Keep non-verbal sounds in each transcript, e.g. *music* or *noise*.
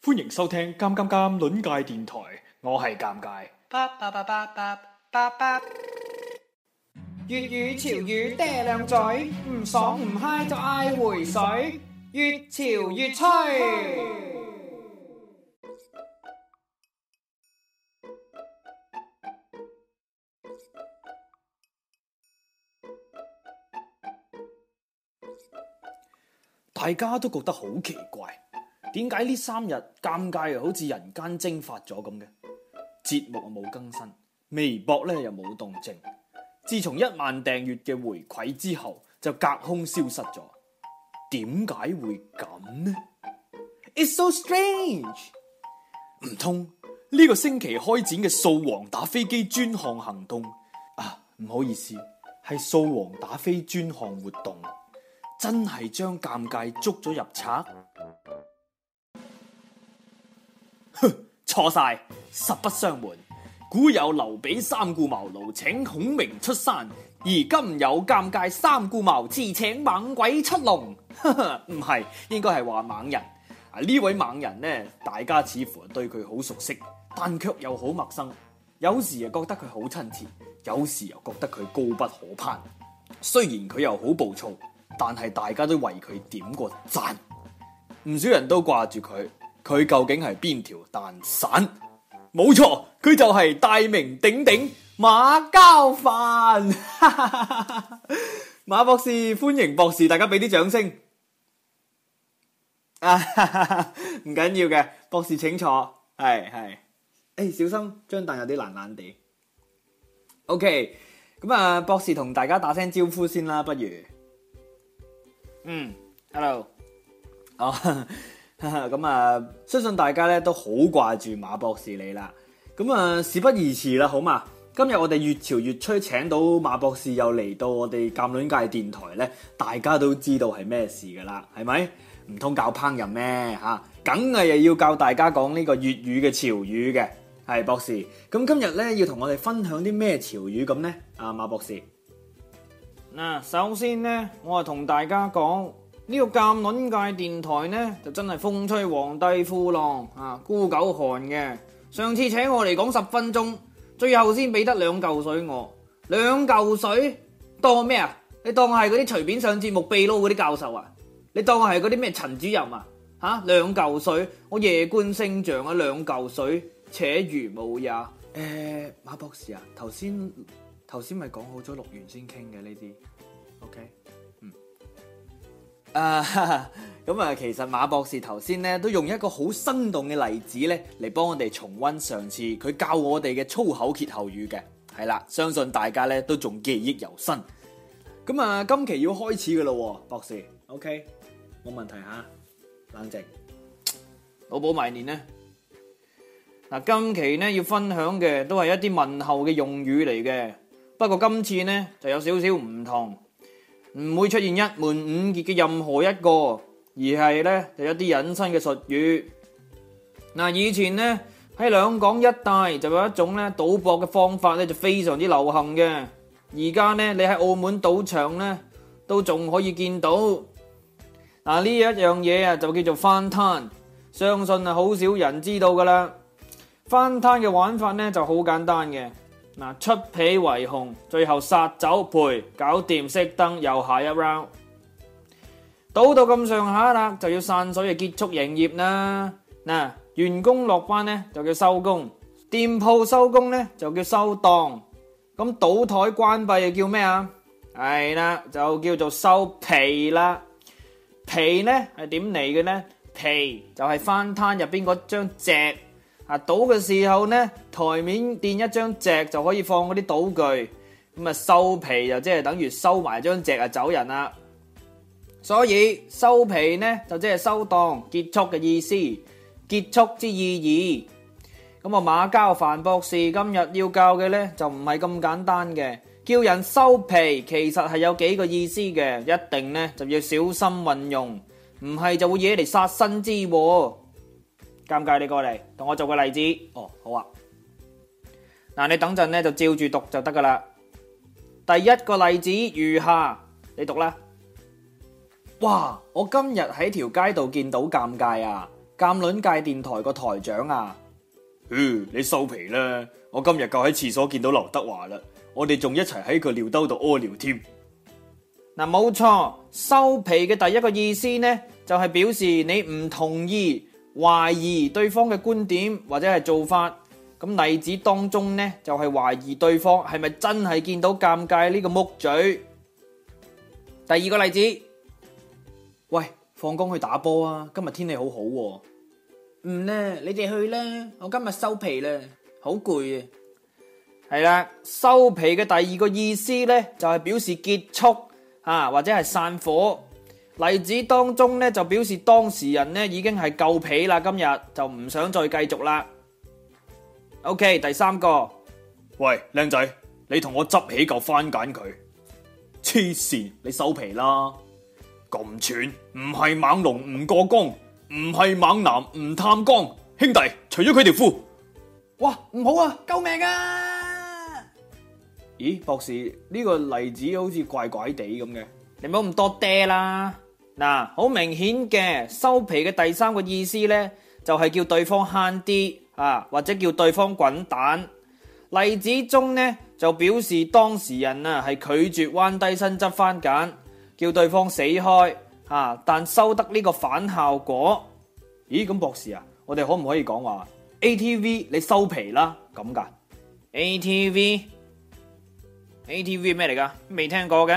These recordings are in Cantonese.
歡迎收聽《尷尷尷》尷尬電台，我係尷尬。粵語潮語爹靚嘴，唔爽唔 high 就嗌回水，越潮越吹。大家都覺得好奇怪。點解呢三日尷尬又好似人間蒸發咗咁嘅？節目冇更新，微博咧又冇動靜。自從一萬訂閱嘅回饋之後，就隔空消失咗。點解會咁呢？It's so strange！唔通呢個星期開展嘅掃黃打飛機專項行動啊？唔好意思，係掃黃打非專項活動，真係將尷尬捉咗入冊。錯晒，實不相瞞，古有劉備三顧茅廬請孔明出山，而今有尷尬三顧茅廁請猛鬼出籠。呵呵，唔係，應該係話猛人。啊，呢位猛人呢，大家似乎對佢好熟悉，但卻又好陌生。有時又覺得佢好親切，有時又覺得佢高不可攀。雖然佢又好暴躁，但係大家都為佢點個讚。唔少人都掛住佢。佢究竟係邊條蛋散？冇錯，佢就係大名鼎鼎馬交飯。馬博士，歡迎博士，大家俾啲掌聲。唔緊要嘅，博士請坐。係係，誒小心張凳有啲爛爛地。OK，咁啊，博士同大家打聲招呼先啦，不如。嗯，hello。好。咁 *laughs* 啊，相信大家咧都好掛住馬博士你啦。咁啊，事不宜遲啦，好嘛？今日我哋越潮越吹，請到馬博士又嚟到我哋鑑論界電台咧，大家都知道係咩事噶啦，係咪？唔通教烹飪咩吓？梗係又要教大家講呢個粵語嘅潮語嘅，係博士。咁今日咧要同我哋分享啲咩潮語咁呢？啊，馬博士。嗱，首先咧，我係同大家講。呢個鑑論界電台呢，就真係風吹皇帝呼浪啊，孤狗寒嘅。上次請我嚟講十分鐘，最後先俾得兩嚿水我，兩嚿水當我咩啊？你當我係嗰啲隨便上節目秘魯嗰啲教授啊？你當我係嗰啲咩陳主任啊？嚇兩嚿水，我夜觀星象啊，兩嚿水且如無也。誒馬博士啊，頭先頭先咪講好咗錄完先傾嘅呢啲，OK。啊，咁啊，其實馬博士頭先咧都用一個好生動嘅例子咧，嚟幫我哋重温上次佢教我哋嘅粗口歇後語嘅，係啦，相信大家咧都仲記憶猶新。咁啊，今期要開始噶啦，博士，OK，冇問題吓，冷靜，老保埋年咧。嗱，今期咧要分享嘅都係一啲問候嘅用語嚟嘅，不過今次咧就有少少唔同。唔會出現一門五傑嘅任何一個，而係呢，就有啲隱身嘅術語。嗱，以前呢，喺兩廣一帶就有一種呢賭博嘅方法呢，就非常之流行嘅，而家呢，你喺澳門賭場呢，都仲可以見到。嗱，啊，呢一樣嘢啊就叫做翻攤，相信係好少人知道噶啦。翻攤嘅玩法呢，就好簡單嘅。嗱，出皮為紅，最後殺酒殺走賠，搞掂熄燈，又下一 round，賭到咁上下啦，就要散水就，結束營業啦。嗱，員工落班咧就叫收工，店鋪收工咧就叫收檔，咁賭台關閉又叫咩啊？係啦，就叫做收皮啦。皮咧係點嚟嘅咧？皮就係翻攤入邊嗰張只。啊，賭嘅時候呢，台面墊一張席就可以放嗰啲賭具，咁啊收皮就即係等於收埋張席，啊走人啦。所以收皮呢就即係收檔結束嘅意思，結束之意義。咁啊，馬交凡博士今日要教嘅呢就唔係咁簡單嘅，叫人收皮其實係有幾個意思嘅，一定呢就要小心運用，唔係就會惹嚟殺身之禍。尷尬，你過嚟同我做個例子。哦，好啊。嗱、啊，你等陣咧就照住讀就得噶啦。第一個例子如下，你讀啦。哇，我今日喺條街度見到尷尬啊！鑒卵界電台個台長啊，哼、呃，你收皮啦！我今日夠喺廁所見到劉德華啦，我哋仲一齊喺個尿兜度屙尿添。嗱、啊，冇錯，收皮嘅第一個意思呢，就係、是、表示你唔同意。懷疑對方嘅觀點或者係做法，咁例子當中呢就係、是、懷疑對方係咪真係見到尷尬呢個木嘴。第二個例子，喂，放工去打波啊！今日天氣好好喎。唔呢，你哋去啦，我今日收皮啦，好攰啊。係啦，收皮嘅第二個意思呢，就係、是、表示結束啊，或者係散伙。例子當中咧就表示當事人咧已經係夠皮啦，今日就唔想再繼續啦。OK，第三個，喂，靚仔，你同我執起嚿番鹼佢，黐線，你收皮啦，咁串，唔係猛龍唔過江，唔係猛男唔探江，兄弟，除咗佢條褲，哇，唔好啊，救命啊！咦，博士，呢個例子好似怪怪地咁嘅，你唔好咁多爹啦。嗱，好、啊、明顯嘅收皮嘅第三個意思咧，就係、是、叫對方慳啲啊，或者叫對方滾蛋。例子中咧就表示當事人啊係拒絕彎低身執番簡，叫對方死開啊，但收得呢個反效果。咦，咁、啊、博士啊，我哋可唔可以講話 ATV 你收皮啦咁噶？ATV，ATV 咩嚟噶？未聽過嘅，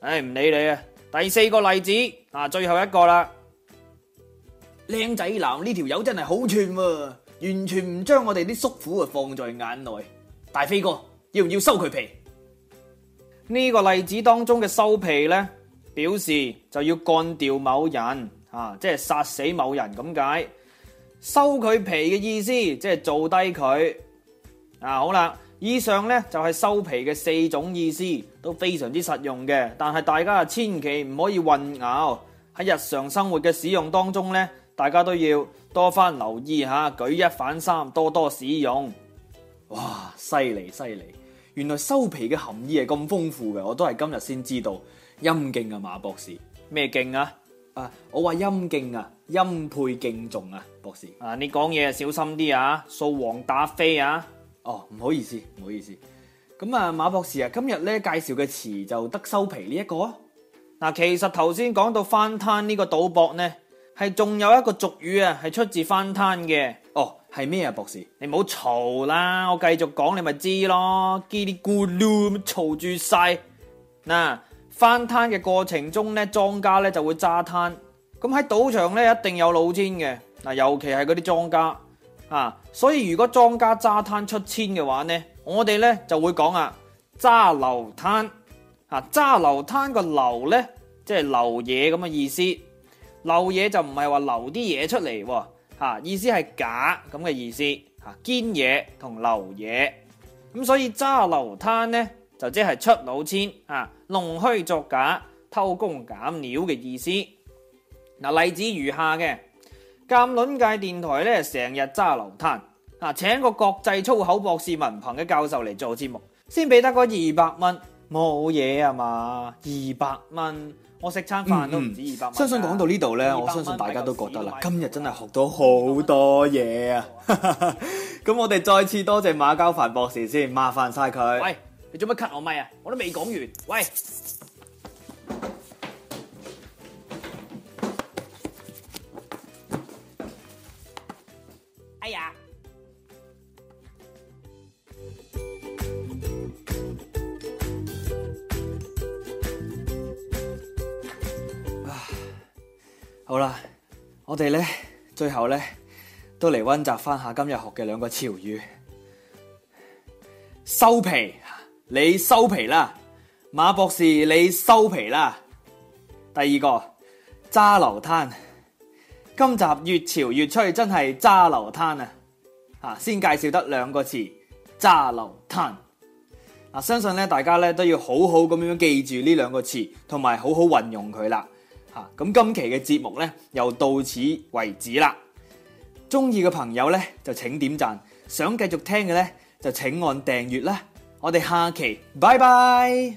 唉、哎，唔理你啊。第四個例子啊，最後一個啦。靚仔男呢條友真係好串喎，完全唔將我哋啲叔父啊放在眼內。大飛哥，要唔要收佢皮？呢個例子當中嘅收皮呢，表示就要乾掉某人啊，即係殺死某人咁解。收佢皮嘅意思，即係做低佢啊。好啦。以上咧就係、是、收皮嘅四種意思都非常之實用嘅，但係大家啊千祈唔可以混淆喺日常生活嘅使用當中咧，大家都要多番留意吓，舉一反三，多多使用。哇，犀利犀利！原來收皮嘅含義係咁豐富嘅，我都係今日先知道。陰莖啊，馬博士，咩勁啊？啊，我話陰莖啊，欽佩敬重啊，博士。啊，你講嘢小心啲啊，掃黃打飛啊！哦，唔好意思，唔好意思。咁啊，馬博士啊，今日咧介紹嘅詞就得收皮呢一個啊。嗱，其實頭先講到翻攤呢個賭博呢，係仲有一個俗語啊，係出自翻攤嘅。哦，係咩啊，博士？你唔好嘈啦，我繼續講，你咪知咯。嘰里咕嚕咁嘈住晒。嗱，翻攤嘅過程中呢，莊家呢就會揸攤。咁喺賭場呢，一定有老千嘅。嗱，尤其係嗰啲莊家。啊，所以如果莊家揸攤出千嘅話呢，我哋呢就會講啊揸流攤，啊揸流攤個流呢，即係流嘢咁嘅意思，流嘢就唔係話流啲嘢出嚟，吓、啊、意思係假咁嘅意思，吓堅嘢同流嘢，咁、啊、所以揸流攤呢就即係出老千，啊弄虛作假、偷工減料嘅意思，嗱、啊、例子如下嘅。辯論界電台咧成日揸流攤啊，請個國際粗口博士文憑嘅教授嚟做節目，先俾得個二百蚊，冇嘢啊嘛，二百蚊，我食餐飯都唔止二百蚊。相信講到呢度咧，200 我相信大家都覺得都啦，今日真係學到好多嘢啊！咁 *laughs* 我哋再次多謝馬交凡博士先，麻煩晒佢。喂，你做乜 cut 我咪啊？我都未講完。喂。好啦，我哋咧，最後咧，都嚟温習翻下今日學嘅兩個潮語。收皮，你收皮啦，馬博士你收皮啦。第二個揸流攤，今集越潮越吹，真係揸流攤啊！吓，先介紹得兩個詞，揸流攤。嗱，相信咧，大家咧，都要好好咁樣記住呢兩個詞，同埋好好運用佢啦。吓！咁今期嘅節目咧，又到此為止啦。鍾意嘅朋友咧，就請點讚；想繼續聽嘅咧，就請按訂閱啦。我哋下期拜拜。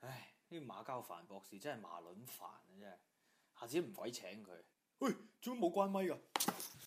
唉，呢馬交凡博士真係麻卵煩啊！真係。下次唔鬼請佢，喂，做乜冇關咪㗎？